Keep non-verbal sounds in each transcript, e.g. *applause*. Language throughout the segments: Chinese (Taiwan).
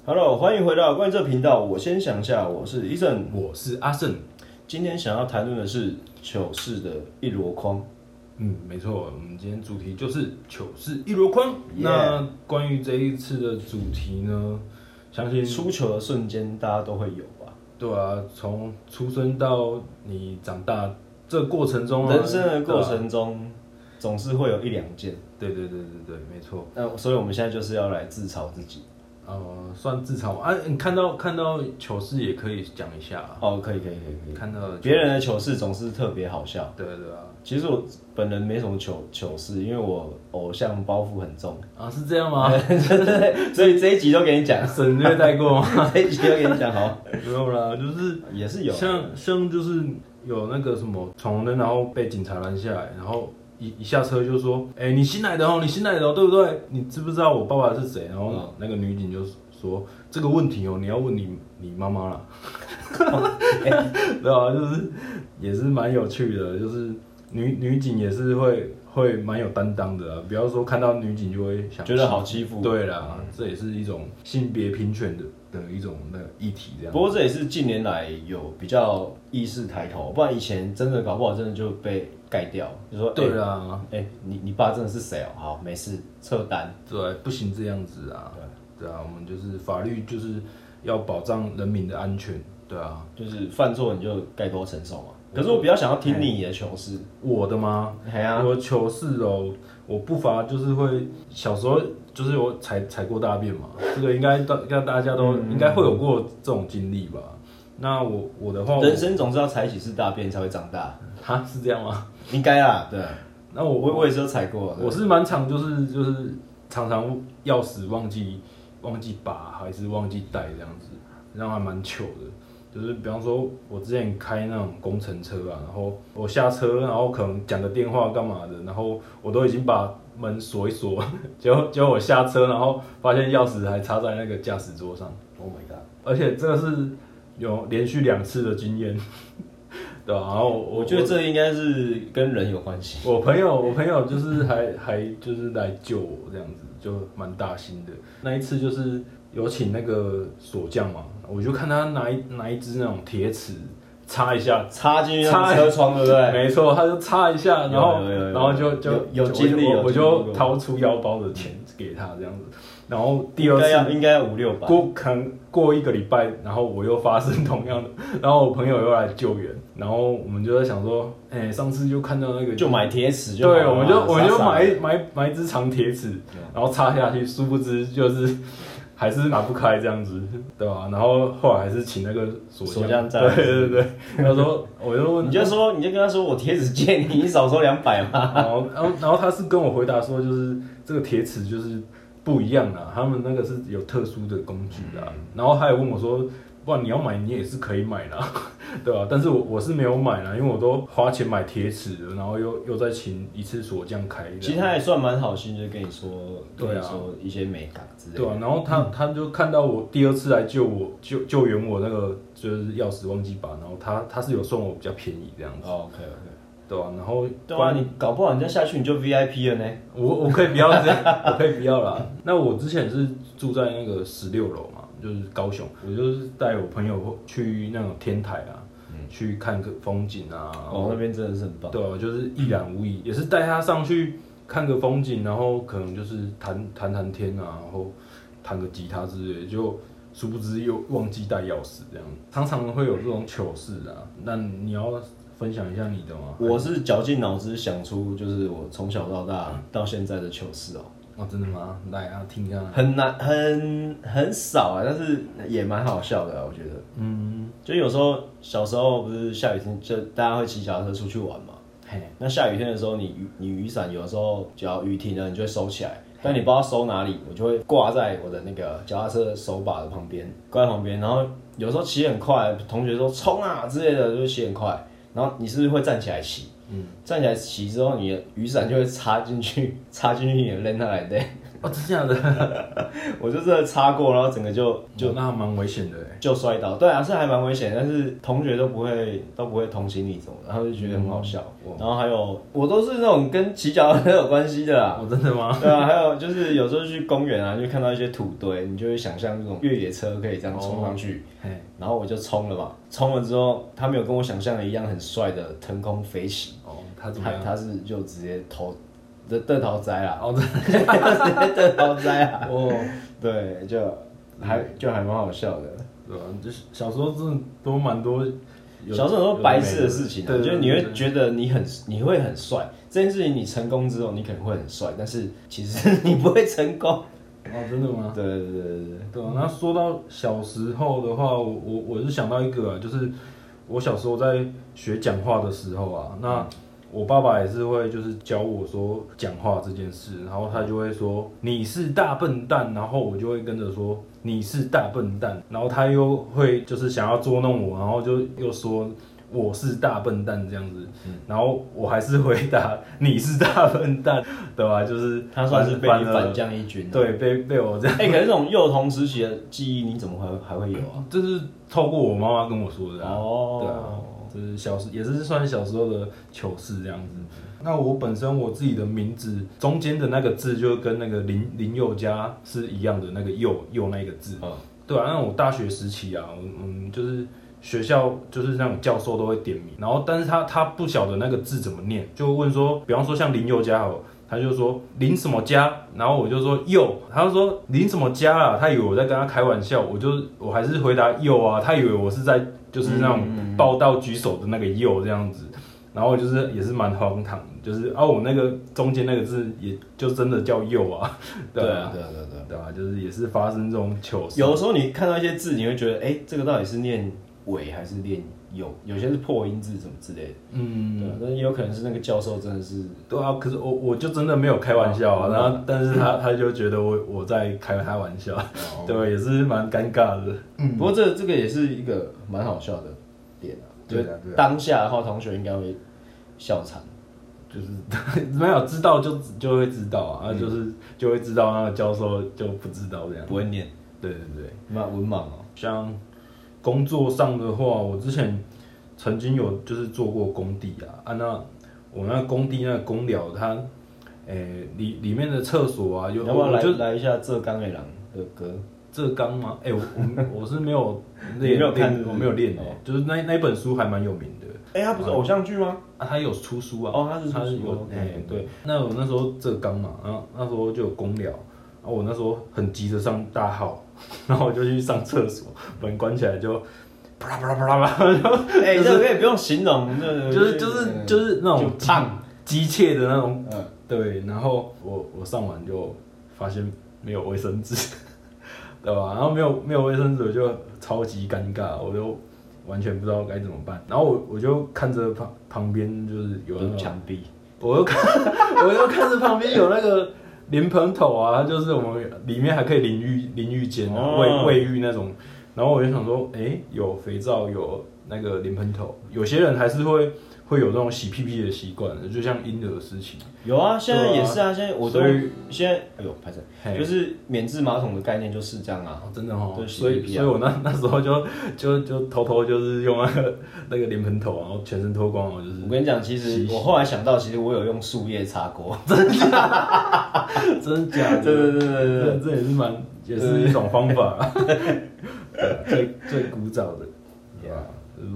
哈嘍，Hello, 歡迎回到關於這頻道。我先想一下，我是 Eason，我是阿勝。今天想要談論的是糗事的一籮筐。嗯，沒錯，我們今天主題就是糗事一籮筐。Yeah. 那關於這一次的主題呢？相信出糗的瞬間大家都會有吧？對啊，從出生到你長大這過程中、啊，人生的過程中、啊、總是會有一兩件。對對對對對，沒錯。那所以我們現在就是要來自嘲自己。呃，算自嘲、啊、你看到看到糗事也可以講一下、啊、哦，可以可以可以可以。看到別人的糗事總是特別好笑。對，對對啊，其實我本人沒什麼糗糗事，因為我偶像包袱很重。啊，是這樣嗎？對，所以這一集都給你講， *laughs* 省略帶過嗎 *laughs* 這一集都給你講好。不用啦，就是也是有，像像就是有那個什麼闖紅燈，然後被警察攔下來，然後。一一下車就說，哎、欸，你新來的哦、喔，你新來的哦、喔，對不對？你知不知道我爸爸是誰？然後那個女警就說這個問題哦、喔，你要問你你媽媽了。對啊，就是也是蠻有趣的，就是女女警也是會會蠻有擔當的啊。不要說看到女警就會想覺得好欺負。對啦，嗯、這也是一種性別平權的的一種那個，議題這樣子。不過這也是近年來有比較意識抬頭，不然以前真的搞不好真的就被，嗯。蓋掉你，就是、說對啦、啊欸欸，你你爸真的是誰哦、喔？好，沒事，撤單。對，不行這樣子啊。對，對啊，我們就是法律就是要保障人民的安全。對啊，就是犯錯你就該多承受嘛。我可是我比較想要聽你的糗事，我的嗎？啊、我糗事哦，我不乏就是會小時候就是有踩踩過大便嘛，這個應該大家都應該會有過這種經歷吧？嗯嗯，那我我的話，對我人生總是要踩幾次大便才會長大，他，嗯、是這樣嗎？應該啊，對。那我我我也是有踩過，我是蠻常就是就是常常鑰匙忘記忘記拔還是忘記帶這樣子，然後還蠻糗的。就是比方說，我之前開那種工程車啊，然後我下車，然後可能講個電話幹嘛的，然後我都已經把門鎖一鎖，結果結果我下車，然後發現鑰匙還插在那個駕駛桌上。Oh my god！而且這個是有連續兩次的經驗。對、啊，然後我，我，我覺得這應該是跟人有關係。我朋友，我朋友就是還 *laughs* 還就是來救我這樣子，就蠻大心的。那一次就是有請那個鎖匠嘛，我就看他拿一拿一支那種鐵尺插一下，插進，車窗對不對？沒錯，他就插一下，然後然後就就有經歷，我就掏出腰包的錢給他這樣子。然後第二次應該，應該五六百，過可能過一個禮拜，然後我又發生同樣的，然後我朋友又來救援，然後我們就在想說，哎，上次就看到那個，就買鐵尺就對，我們就傻傻我們就買買買，買一支長鐵尺，對然後插下去，殊不知就是還是拿不開這樣子，對吧？然後後來還是請那個鎖匠，對對對，他 *laughs* 說，我就問，你就說你就跟他說我鐵尺借你，你少收兩百嘛，然後然後然後他是跟我回答說就是這個鐵尺就是。不一樣啊，他們那個是有特殊的工具啦，嗯、然後他也問我說：“不然你要買你也是可以買啦， *laughs* 對吧、啊？”但是我我是沒有買啦，因為我都花錢買鐵尺了，然後又又再請一次鎖匠開。其實他也算蠻好心，就跟你說，對啊，說一些美感之類的。對啊，然後他他就看到我第二次來救我救救援我那個就是鑰匙忘記拔，然後他他是有送我比較便宜這樣子。o、oh, okay, okay. 對啊，然後、啊、不然你搞不好你再下去你就 VIP 了呢。我我可以不要這樣， *laughs* 我可以不要啦。那我之前是住在那個十六樓嘛，就是高雄，我就是帶我朋友去那種天台啊，嗯、去看個風景啊。哦、那邊真的是很棒。對、啊，就是一覽無遺，嗯、也是帶他上去看個風景，然後可能就是談談談天啊，然後彈個吉他之類，就殊不知又忘記帶鑰匙這樣，常常會有這種糗事啊。那、嗯、你要。分享一下你的嗎？我是絞盡腦汁想出，就是我從小到大到現在的糗事哦。哦，真的嗎？來啊，聽一下。很難，很很少啊，但是也蠻好笑的啊，我覺得。嗯，就有時候小時候不是下雨天，就大家會騎腳踏車出去玩嘛。嘿，那下雨天的時候你，你你雨傘有時候只要雨停了，你就會收起來，但你不知道收哪裡，我就會掛在我的那個腳踏車手把的旁邊，掛在旁邊。然後有時候騎很快，同學說“衝啊”之類的，就會騎很快。然後你是不是會站起來騎？嗯，站起來騎之後，你的雨傘就會插進去，插進去你的扔它來對。哦，是這樣的， *laughs* 我就真的擦過，然後整個就就、哦、那蠻危險的就，就摔倒。對啊，是還蠻危險，但是同學都不會都不會同情你這種，然後就覺得很好笑。嗯嗯、然後還有、嗯、我都是那種跟騎腳很有關係的啦，我、哦、真的嗎？對啊，還有就是有時候去公園啊，就看到一些土堆，你就會想象那種越野車可以這樣衝上去，哦、然後我就衝了嘛。衝了之後，他沒有跟我想象的一樣很帥的騰空飛行哦，他他他是就直接頭。的鄧桃哉啊，哦，鄧桃哉啊，哦，對， *laughs* 啊 oh, 對就還就還蠻好笑的，對吧？就是小時候真的都蠻多，小時候很多白痴的事情，啊、對就是你會覺得你很對你會很帥，對這件事情你成功之後你可能會很帥，但是其實是 *laughs* 你不會成功。哦，oh, 真的嗎？對對對對對，啊嗯，那說到小時候的話，我我，我是想到一個，啊、就是我小時候在學講話的時候啊，那。嗯我爸爸也是會，就是教我說講話這件事，然後他就會說，你是大笨蛋，然後我就會跟着說，你是大笨蛋，然後他又會就是想要捉弄我，然後就又說我是大笨蛋這樣子，嗯、然後我還是回答你是大笨蛋，對吧、啊？就是他算是被你反將一軍、啊，對，被被我這樣。哎、欸，可是這種幼童時期的記憶你怎麼還還會有？啊？這是透過我媽媽跟我說的、啊、哦，對啊。就是小時也是算小時候的糗事這樣子。那我本身我自己的名字中間的那個字就跟那個林林宥嘉是一樣的那個宥宥那個字。嗯，對啊，那我大學時期啊，嗯，就是學校就是那種教授都會點名，然後但是他他不曉得那個字怎麼念，就問說，比方說像林宥嘉好，他就說林什麼嘉，然後我就說宥，他就說林什麼嘉啊，他以為我在跟他開玩笑，我就我還是回答宥啊，他以為我是在。就是那種報到舉手的那個右這樣子，然後就是也是蠻荒唐，就是哦、啊，我那個中間那個字也就真的叫右啊，對啊，對啊，對啊，對啊，就是也是發生這種糗事。有的時候你看到一些字，你會覺得哎、欸，這個到底是念尾還是念？有有些是破音字什麼之類的，嗯，那也有可能是那個教授真的是。對啊，可是我我就真的沒有開玩笑啊，然後但是他他就覺得我我在開他玩笑，對，也是蠻尷尬的，不過這這個也是一個蠻好笑的點啊，對對，當下的話同學應該會笑慘，就是沒有知道就就會知道啊，就是就會知道那個教授就不知道這樣，不會念，對對對，那文盲哦，像。工作上的話，我之前曾經有就是做過工地啊，啊那我那工地那工寮，他、欸、誒裡裡面的廁所啊，要不要來就來一下浙剛誒，郎的歌？浙剛嗎？誒、欸，我 *laughs* 我是沒有沒有看是是，我沒有練哦、欸，就是那那本書還蠻有名的。誒、欸，他不是偶像劇嗎？啊他有出書啊，哦他是出書他是有誒 OK,、欸，對，那我那時候浙剛嘛，然後那時候就有工寮，啊，我那時候很急着上大號。 *laughs* 然後我就去上廁所，門關起來就啪啦啪啦啪啦啪，就哎這可以不用形容，就是就是就是那種慘急切的那種，嗯，對。然後我我上完就發現沒有衛生紙，對吧？然後沒有沒有衛生紙我就超級尷尬，我就完全不知道該怎麼辦。然後我就就我就看着旁旁邊就是有牆壁，我又我又看着旁邊有那個。淋盆頭啊，它就是我們裡面還可以淋浴，淋浴間，啊、衛衛、oh. 浴那種，然後我就想說，誒、欸，有肥皂，有那個淋盆頭，有些人還是會。會有那種洗屁屁的習慣，就像嬰兒的事情。有啊，現在也是啊，現在我都現在，哎呦，拍子，就是免治馬桶的概念就是這樣啊，真的哦，對，洗屁屁啊。所以，所以我那那時候就就就偷偷就是用那個那個臉盆頭然後全身脫光啊，就是。我跟你講，其實我後來想到，其實我有用樹葉擦過。真的？真假？對對對對對，這也是蠻也是一種方法，最最古早的，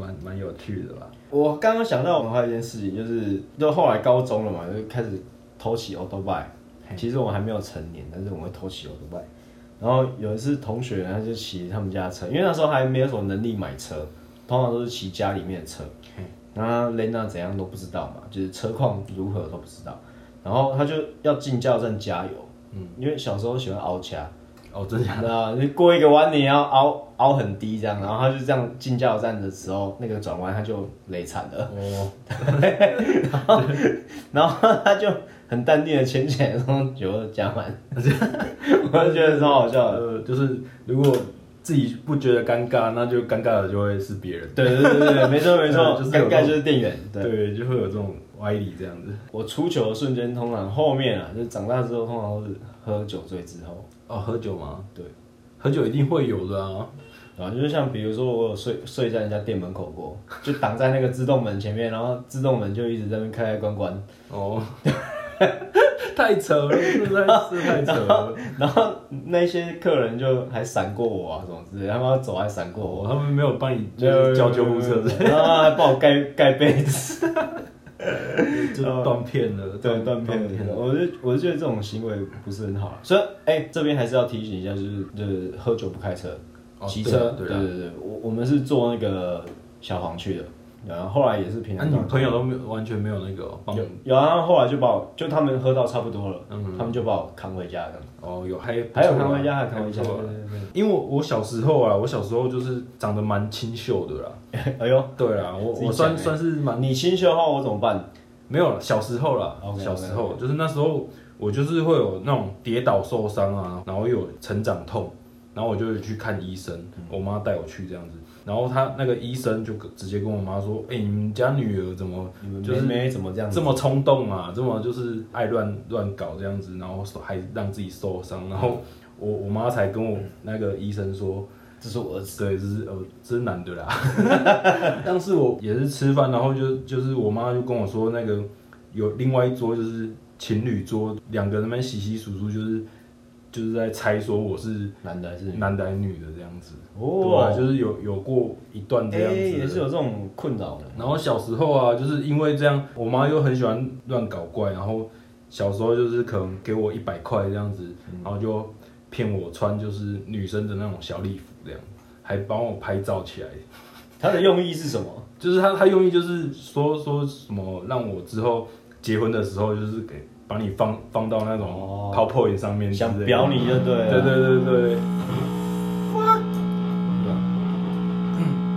蠻蠻有趣的吧？我剛剛想到我們還有一件事情，就是就後來高中了嘛，就開始偷騎歐兜拜。嘿其實我們還沒有成年，但是我們會偷騎歐兜拜。然後有一次同學呢，他就騎他們家的車，因為那時候還沒有什麼能力買車，通常都是騎家裡面的車。然後雷娜怎樣都不知道嘛，就是車況如何都不知道。然後他就要進加油站加油，嗯，因為小時候喜歡凹車。哦，真的假的？的你過一個彎，你要凹凹很低這樣，然後他就這樣進加油站的時候，那個轉彎他就累慘了。哦， *laughs* 然後對然後他就很淡定的淺淺的酒加滿，我就覺得超好笑，呃。就是如果自己不覺得尷尬，那就尷尬的就會是別人。對對對對，沒錯沒錯，尷 *laughs* 尬就是店員。對，對，就會有這種歪理這樣子。我出球的瞬間通常後面啊，就長大之後通常都是喝酒醉之後。哦，喝酒嗎？對，喝酒一定會有的啊，啊，就像比如說我有睡睡在人家店門口過，就擋在那個自動門前面，然後自動門就一直在那邊開開關關。哦，對 *laughs* 太扯了，是不是太扯了然。然後那些客人就還閃過我啊，什麼之類他們要走還閃過我，哦、他們沒有幫你就是、嗯、叫救護車，然後還幫我蓋蓋被子。 *laughs* 就斷片了，嗯，對，斷片了。斷片了。我就，我就覺得這種行為不是很好啊。所以，哎，這邊還是要提醒一下，就是，就是喝酒不開車，哦，騎車，對啊，對啊，對對對。我，我們是坐那個小黃去的。然後後來也是平常，女朋友都沒有，完全沒有那個。有有，然後後來就把我就他們喝到差不多了，他們就把我扛回家了。哦，有，還還有扛回家，還扛回家。因為我小時候啊，我小時候就是長得蠻清秀的啦。哎呦，對啦，我我算算是蠻你清秀的話，我怎麼辦？沒有了，小時候了，小時候就是那時候我就是會有那種跌倒受傷啊，然後又有成長痛，然後我就去看醫生，我媽帶我去這樣子。然後他那個醫生就直接跟我媽說：“哎、欸，你們家女兒怎麼就是沒怎麼這樣子，這麼衝動啊，這麼就是愛亂亂搞這樣子，然後還讓自己受傷。”然後我我媽才跟我那個醫生說：“這是我兒子。”對，這是呃，這是男的啦。當 *laughs* 時我也是吃飯，然後就就是我媽就跟我說那個有另外一桌就是情侶桌，兩個人在那邊洗洗簌簌，就是。就是在猜說我是男的還是男的還是女的這樣子哦、oh.，對，就是有有過一段這樣子、欸，也是有這種困擾的。然後小時候啊，就是因為這樣，我媽又很喜歡亂搞怪，然後小時候就是可能給我一百塊這樣子，然後就騙我穿就是女生的那種小禮服這樣，還幫我拍照起來。她的用意是什麼？就是她她用意就是說說什麼讓我之後結婚的時候就是給。把你放放到那種 PowerPoint 上面，像，、哦、表你就對了、啊。對對對對，對 What?、嗯。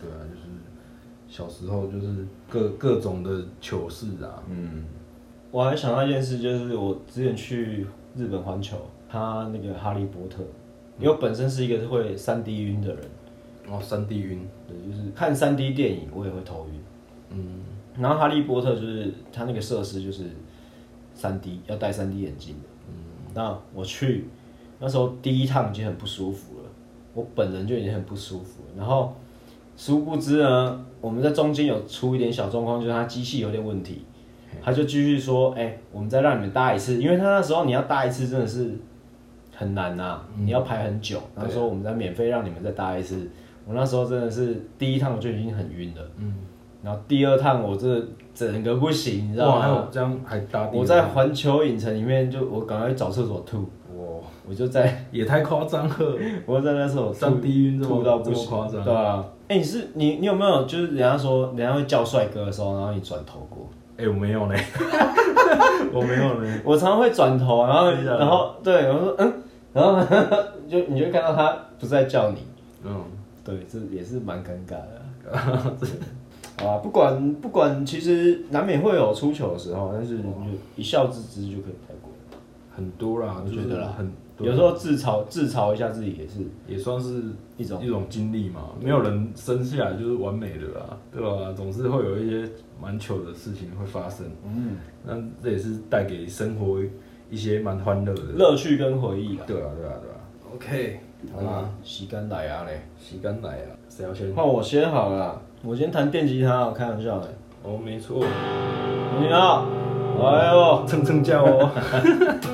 對啊，就是小時候就是各各種的糗事啊。嗯。我還想到一件事，就是我之前去日本環球，他那個《哈利波特》，因為本身是一個會三 D 暈的人，然後三 D 暈，對，就是看三 D 電影我也會頭暈。嗯。然後哈利波特就是他那個設施就是三 D 要戴三 D 眼鏡的，嗯，那我去那時候第一趟已經很不舒服了，我本人就已經很不舒服了。然後殊不知呢，我們在中間有出一點小狀況，就是他機器有點問題，嘿他就繼續說：“哎，我們再讓你們搭一次，因為他那時候你要搭一次真的是很難吶，嗯，你要排很久。”他說：“我們再免費讓你們再搭一次。”啊，我那時候真的是第一趟就已經很暈了，嗯。然後第二趟我這整個不行，你知道嗎？搭我在環球影城裡面就我趕快去找廁所吐。我我就在也太誇張了！我在那廁所上低暈吐,這麼 吐不到不誇張！對啊，哎，你是你你有沒有就是人家說人家會叫帥哥的時候，然後你轉頭過？哎，我沒有嘞、欸， *laughs* 我沒有嘞。我常常會轉頭，然後然後對 *laughs* 我說嗯，然後就你就看到他不再叫你。嗯，對，這也是蠻尷尬的。 *laughs* 這是 啊，不管不管，其實難免會有出糗的時候，但是一笑置之就可以帶過。很多啦，覺得很多。有時候自嘲自嘲一下自己也是，也算是一種一種經歷嘛。沒有人生下來就是完美的啦，對吧？總是會有一些蠻糗的事情會發生。嗯，那這也是帶給生活一些蠻歡樂的樂趣跟回憶吧。對啊，對啊，對啊。OK，好了，洗乾奶牙嘞，吸干奶牙，誰要先？那我先好了。我先彈電吉他啊，開玩笑的。哦，沒錯。你好。哎呦，蹭蹭叫哦。 *laughs* *laughs*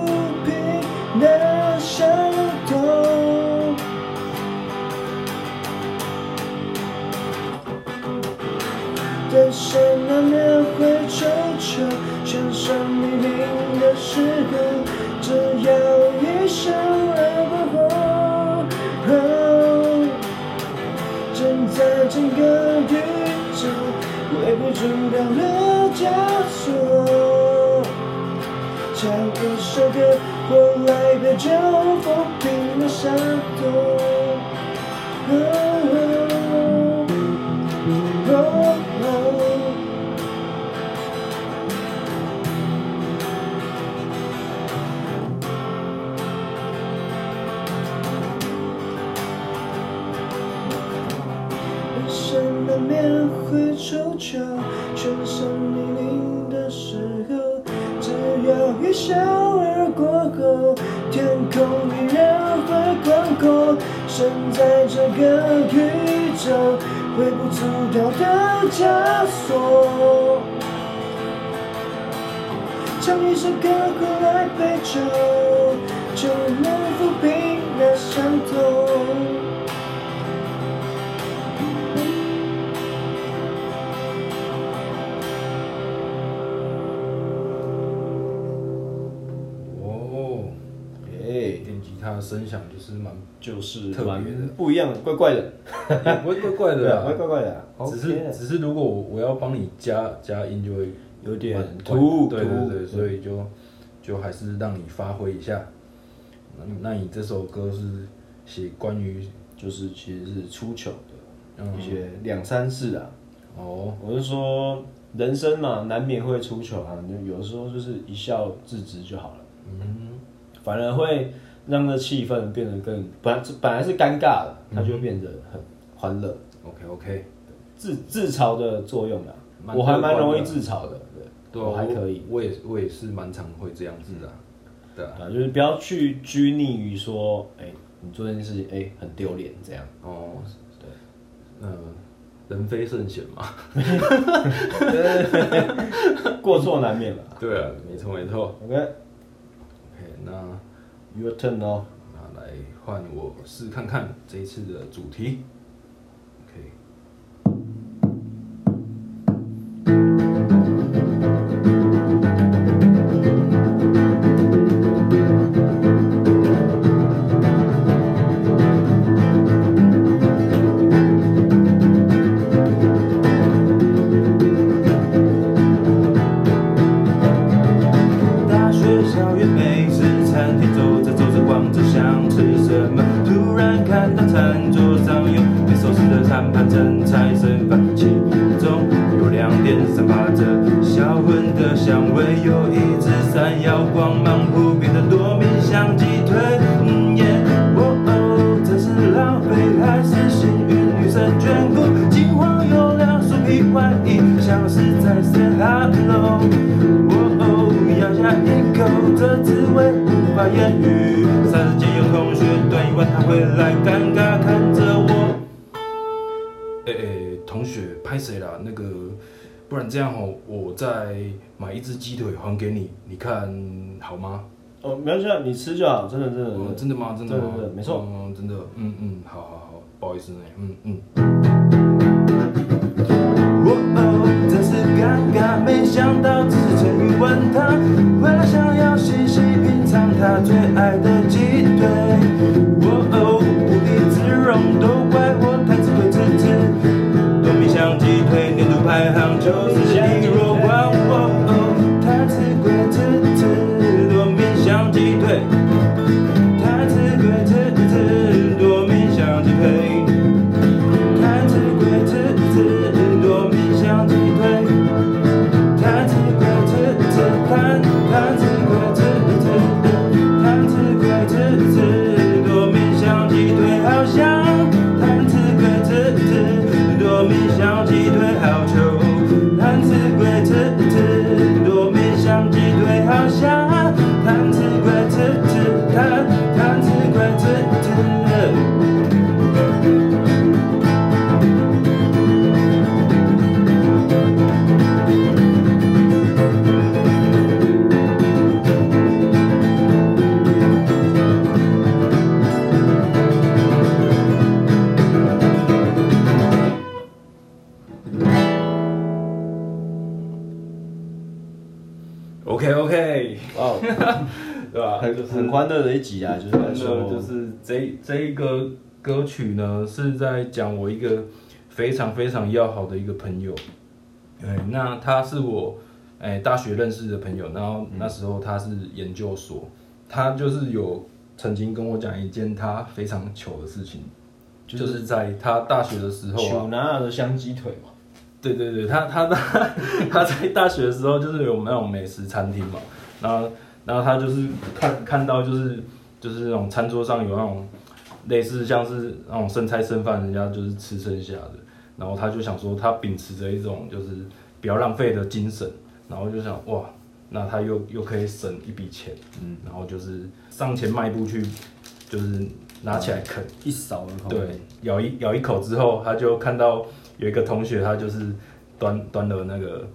掙脫了枷鎖，唱一首歌，或來杯酒，撫平了傷口。就，就能撫平那傷痛哦，哎、欸，電吉他的聲響就是蠻，就是特別不一樣，怪怪的， *laughs* 不會怪怪的、啊，不會、啊、怪怪的、啊，只是，Okay. 只是如果我我要幫你加加音，就會點有點突兀，對對對突，對所以就。就還是讓你發揮一下，那那你這首歌是寫關於就是其實是出糗的，一些兩三次啊。哦，我是說人生嘛、啊，難免會出糗啊，就有的時候就是一笑置之就好了。嗯，反而會讓那氣氛變得更本來本來是尷尬的，它就變得很歡樂。OK OK，自自嘲的作用啦，我還蠻容易自嘲的、啊。我還可以，我也是，我也是蠻常會這樣子的，對啊，就是不要去拘泥於說，哎，你做這件事情，哎，很丟臉這樣。哦，對，嗯，人非聖賢嘛，過錯難免嘛。對啊，沒錯沒錯。OK，OK，那 Your turn 哦，啊，來換我試看看這一次的主題。哎哎，欸欸，同學，拍誰了那個，不然這樣我再買一隻雞腿還給你，你看好嗎？哦，沒關係，你吃就好。真的真的，呃，真的嗎？真的嗎，真的，沒錯，嗯，真的，嗯嗯，好好好，不好意思哎，欸，嗯嗯。真是尷尬，沒想到只是剩一碗湯，本來想要洗。他最愛的雞腿，我無地自容，都怪我太自吹自擂，都沒想雞腿年度排行就是你。歡樂的一集啊，就是說，就是這這一個歌曲呢，是在講我一個非常非常要好的一個朋友。對，那他是我，欸、大學認識的朋友，然後那時候他是研究所，嗯、他就是有曾經跟我講一件他非常糗的事情，就是、就是在他大學的時候，啊，糗哪的香雞腿嘛。對對對，他他他 *laughs* 他在大學的時候就是有那種美食餐廳嘛，然後。然後他就是看看到就是就是那種餐桌上有那種類似像是那種剩菜剩飯，人家就是吃剩下的。然後他就想說，他秉持着一種就是不要浪費的精神，然後就想哇，那他又又可以省一筆錢。嗯，然後就是上前邁步去，就是拿起來啃、嗯、一勺的，對，咬一咬一口之後，他就看到有一個同學他就是端端了那個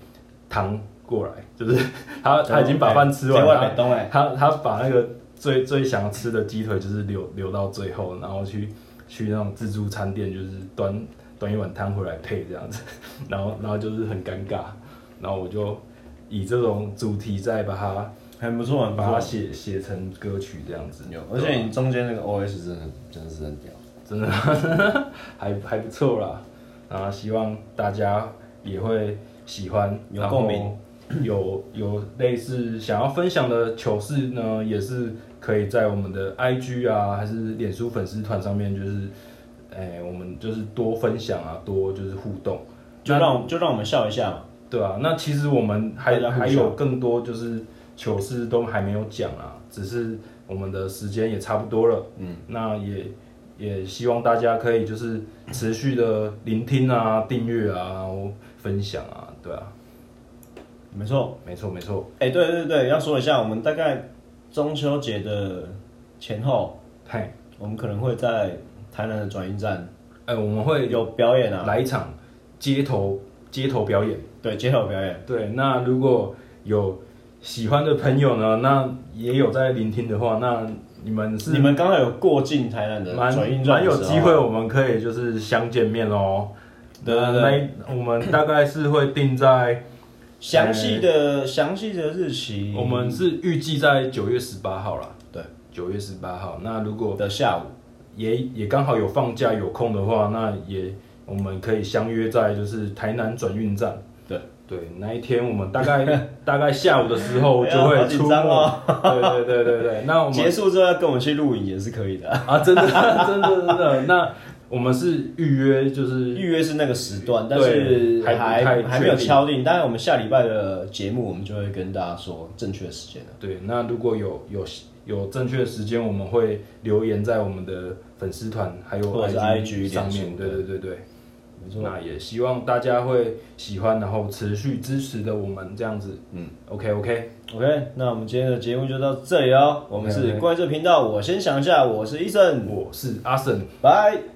湯。過來就是他，喔、他已經把飯吃完，欸欸、他他把那個最最想吃的雞腿就是留留到最後，然後去去那種自助餐店，就是端端一碗湯回來配這樣子，然後然後就是很尷尬，然後我就以這種主題在把它不很不錯，把它寫寫成歌曲這樣子，有，而且你中間那個 O S 真的真的是很屌，真的還還不錯啦，然後希望大家也會喜歡有共鳴。有有類似想要分享的糗事呢，也是可以在我們的 IG 啊，還是臉書粉絲團上面，就是、欸，我們就是多分享啊，多就是互動，就讓那就讓我們笑一下嘛，對啊。那其實我們還還有更多就是糗事都還沒有講啊，只是我們的時間也差不多了，嗯，那也也希望大家可以就是持續的聆聽啊，訂閱、嗯、啊，然後分享啊，對啊。沒錯，沒錯，沒錯。哎，對對對，要說一下，我們大概中秋節的前後，嘿，我們可能會在台南的轉運站，哎、欸，我們會有表演啊，來一場街頭街頭表演，對，街頭表演。對，那如果有喜歡的朋友呢，那也有在聆聽的話，那你們是你們剛好有過境台南的轉運站，蠻有機會，我們可以就是相見面哦。對對對、嗯，我們大概是會定在。詳細的、嗯、詳細的日期，我們是預計在九月十八號啦。對，九月十八號。那如果的下午也也剛好有放假有空的話，那也我們可以相約在就是台南轉運站。對對，那一天我們大概 *laughs* 大概下午的時候就會出沒。沒緊張嗎、哦？對對對對對，那我們 *laughs* 結束之後要跟我們去露營也是可以的啊。啊，真的真的真的，真的 *laughs* 那。我們是預約，就是預約是那個時段，但是還還沒有敲定。當然，我們下禮拜的節目，我們就會跟大家說正確的時間了。對，那如果有有有正確的時間，我們會留言在我們的粉絲團，還有或者 IG 上面。對對對對，沒錯錯。那也希望大家會喜歡，然後持續支持著我們這樣子。嗯，OK OK OK。Okay, 那我們今天的節目就到這裡哦。我們是關於這個頻道，Okay. 我先想一下，我是 Eason，我是阿森，拜拜。